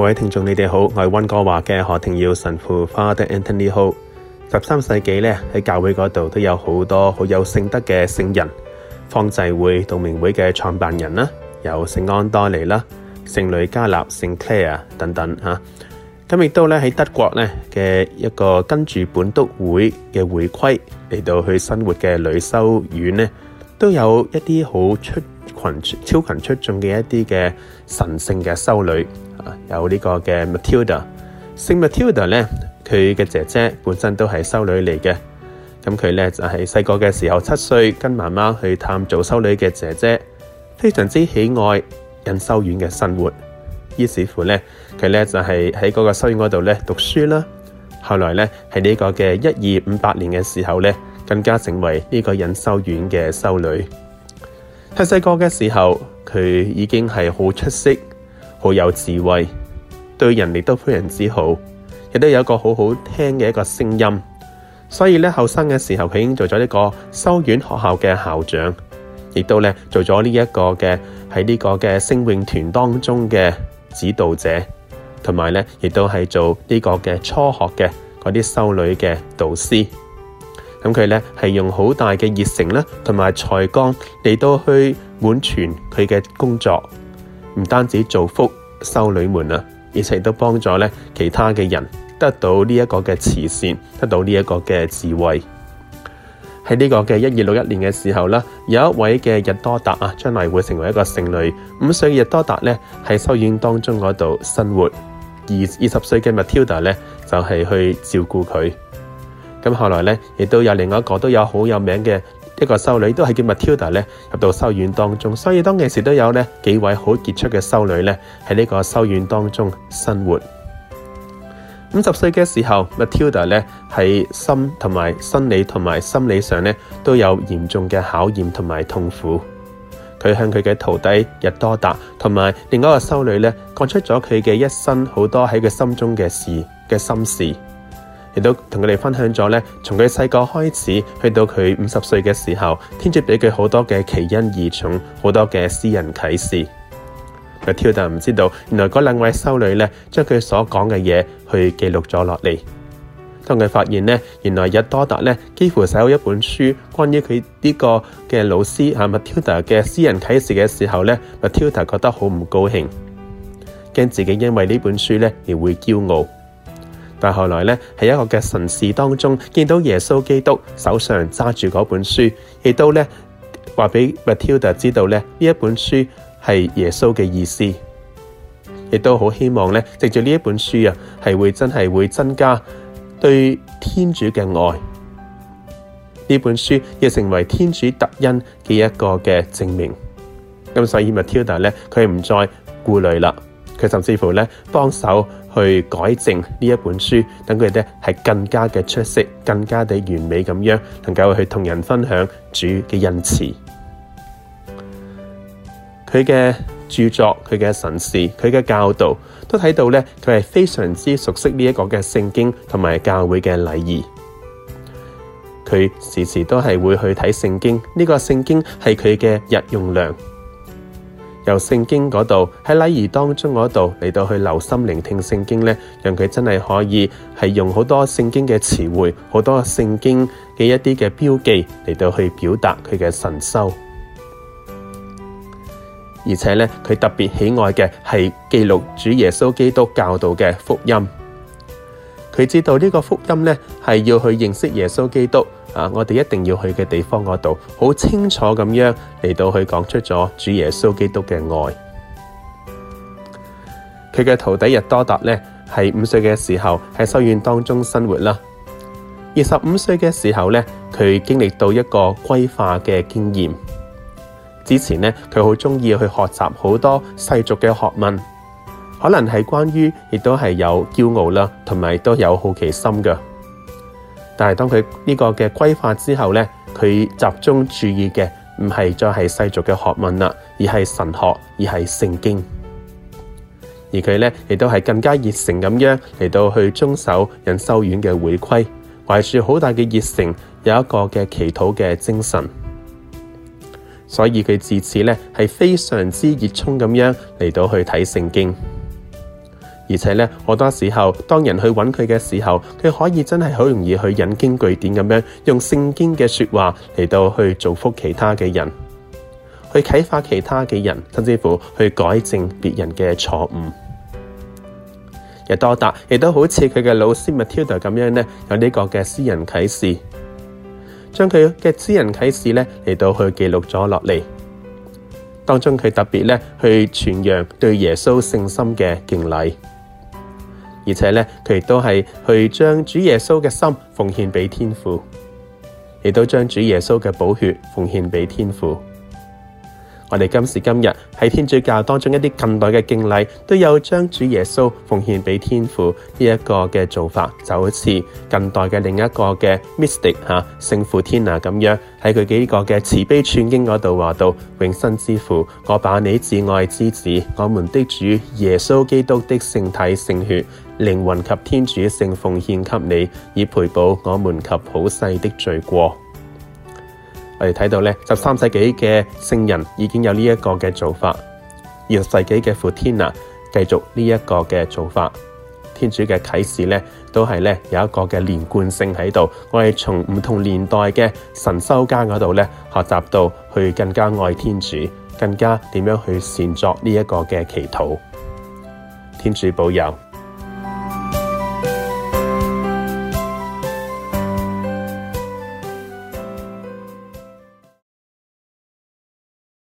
各位聽眾，你哋好，我係温哥華嘅何庭耀神父 Father Anthony Ho。十三世紀咧喺教會嗰度都有好多好有聖德嘅聖人，方濟會、道明會嘅創辦人啦，有聖安多尼啦、聖女加納、聖 Claire 等等嚇。咁亦都咧喺德國咧嘅一個跟住本篤會嘅會規嚟到去生活嘅女修院咧。都有一啲好出羣、超群、出眾嘅一啲嘅神聖嘅修女啊，有呢個嘅 Matilda。聖 Matilda 咧，佢嘅姐姐本身都係修女嚟嘅。咁佢咧就係細個嘅時候七歲，跟媽媽去探做修女嘅姐姐，非常之喜愛隱修院嘅生活。於是乎咧，佢咧就係喺嗰個修院嗰度咧讀書啦。後來咧，喺呢個嘅一二五八年嘅時候咧。更加成為呢個隱修院嘅修女。細細個嘅時候，佢已經係好出色、好有智慧，對人亦都非常之好，亦都有一個好好聽嘅一個聲音。所以咧，後生嘅時候，佢已經做咗呢個修院學校嘅校長，亦都咧做咗呢一個嘅喺呢個嘅聖詠團當中嘅指導者，同埋咧亦都係做呢個嘅初學嘅嗰啲修女嘅導師。咁佢咧係用好大嘅熱誠咧，同埋才幹嚟到去滿全佢嘅工作，唔單止造福修女們啊，而且都幫助咧其他嘅人得到呢一個嘅慈善，得到呢一個嘅智慧。喺呢個嘅一二六一年嘅時候啦，有一位嘅日多達啊，將來會成為一個聖女。五歲嘅日多達咧喺修院當中嗰度生活，而二十歲嘅瑪蒂爾達咧就係、是，去照顧佢。咁後來咧，亦都有另外一個都有好有名嘅一個修女，都係叫瑪蒂爾達咧入到修院當中。所以當時都有呢幾位好傑出嘅修女咧喺呢個修院當中生活。五十歲嘅時候，瑪蒂爾達咧喺心同埋生理同埋心理上咧都有嚴重嘅考驗同埋痛苦。佢向佢嘅徒弟日多達同埋另外一個修女咧講出咗佢嘅一生好多喺佢心中嘅事嘅心事。亦都同佢哋分享咗咧，從佢細個開始去到佢五十歲嘅時候，天主俾佢好多嘅奇恩異寵，好多嘅私人啟示。Matilda 唔知道，原來嗰兩位修女咧，將佢所講嘅嘢去記錄咗落嚟。當佢發現咧，原來日多達咧，幾乎寫好一本書關於佢呢個嘅老師 Matilda 嘅私人啟示嘅時候咧，Matilda 覺得好唔高興，驚自己因為呢本書咧而會驕傲。但後來呢，喺一個嘅神視當中，見到耶穌基督手上揸住嗰本書，亦都呢話俾 Matilda 知道呢呢本書係耶穌嘅意思，亦都好希望呢，藉住呢本書啊，係會真係會增加對天主嘅愛。呢本書亦成為天主特恩嘅一個嘅證明，咁所以 Matilda 呢，佢唔再顧慮啦。佢甚至乎咧，幫手去改正呢一本書，等佢哋咧係更加嘅出色，更加地完美咁樣，能夠去同人分享主嘅恩慈，佢嘅著作、佢嘅神視、佢嘅教導，都睇到咧，佢係非常之熟悉呢一個嘅聖經同埋教會嘅禮儀。佢時時都係會去睇聖經，呢、這個聖經係佢嘅日用糧。由聖經嗰度喺禮儀當中嗰度，嚟到去留心聆聽聖經咧，讓佢真係可以係用好多聖經嘅詞彙，好多聖經嘅一啲嘅標記，嚟到去表達佢嘅神修。而且咧，佢特別喜愛嘅係記錄主耶穌基督教導嘅福音。佢知道呢個福音咧，係要去認識耶穌基督。啊！我哋一定要去嘅地方嗰度，好清楚咁樣嚟到去講出咗主耶穌基督嘅愛。佢嘅徒弟日多達咧，係五歲嘅時候喺修院當中生活啦。二十五歲嘅時候咧，佢經歷到一個歸化嘅經驗。之前咧，佢好中意去學習好多世俗嘅學問，可能係關於亦都係有驕傲啦，同埋都有好奇心㗎。但係當佢呢個嘅皈依之後咧，佢集中注意嘅唔係再係世俗嘅學問啦，而係神學，而係聖經。而佢咧亦都係更加熱誠咁樣嚟到去遵守仁修院嘅會規，懷住好大嘅熱誠，有一個嘅祈禱嘅精神。所以佢自此咧係非常之熱衷咁樣嚟到去睇聖經。而且咧，好多時候，當人去揾佢嘅時候，佢可以真係好容易去引經據典咁樣，用聖經嘅說話嚟到去造福其他嘅人，去啟發其他嘅人，甚至乎去改正別人嘅錯誤。日多達，亦都好似佢嘅老師瑪蒂爾達咁樣咧，有呢個嘅私人啟示，將佢嘅私人啟示咧嚟到去記錄咗落嚟，當中佢特別咧去傳揚對耶穌聖心嘅敬禮。而且呢，佢亦都係去將主耶穌嘅心奉獻俾天父，亦都將主耶穌嘅寶血奉獻俾天父。我哋今時今日喺天主教當中一啲近代嘅敬禮，都有將主耶穌奉獻俾天父呢一個嘅做法，就好似近代嘅另一個嘅 mystic 吓聖傅天娜咁樣，喺佢幾個嘅慈悲串經嗰度話到永生之父，我把你至愛之子我們的主耶穌基督的聖體聖血靈魂及天主聖奉獻給你，以賠補我們及普世的罪過。我哋睇到呢，十三世紀嘅聖人已經有呢一個嘅做法，二十世紀嘅傅天娜繼續呢一個嘅做法。天主嘅啟示呢，都係呢有一個嘅連貫性喺度。我哋從唔同年代嘅神修家嗰度呢學習到去更加愛天主，更加點樣去善作呢一個嘅祈禱。天主保佑。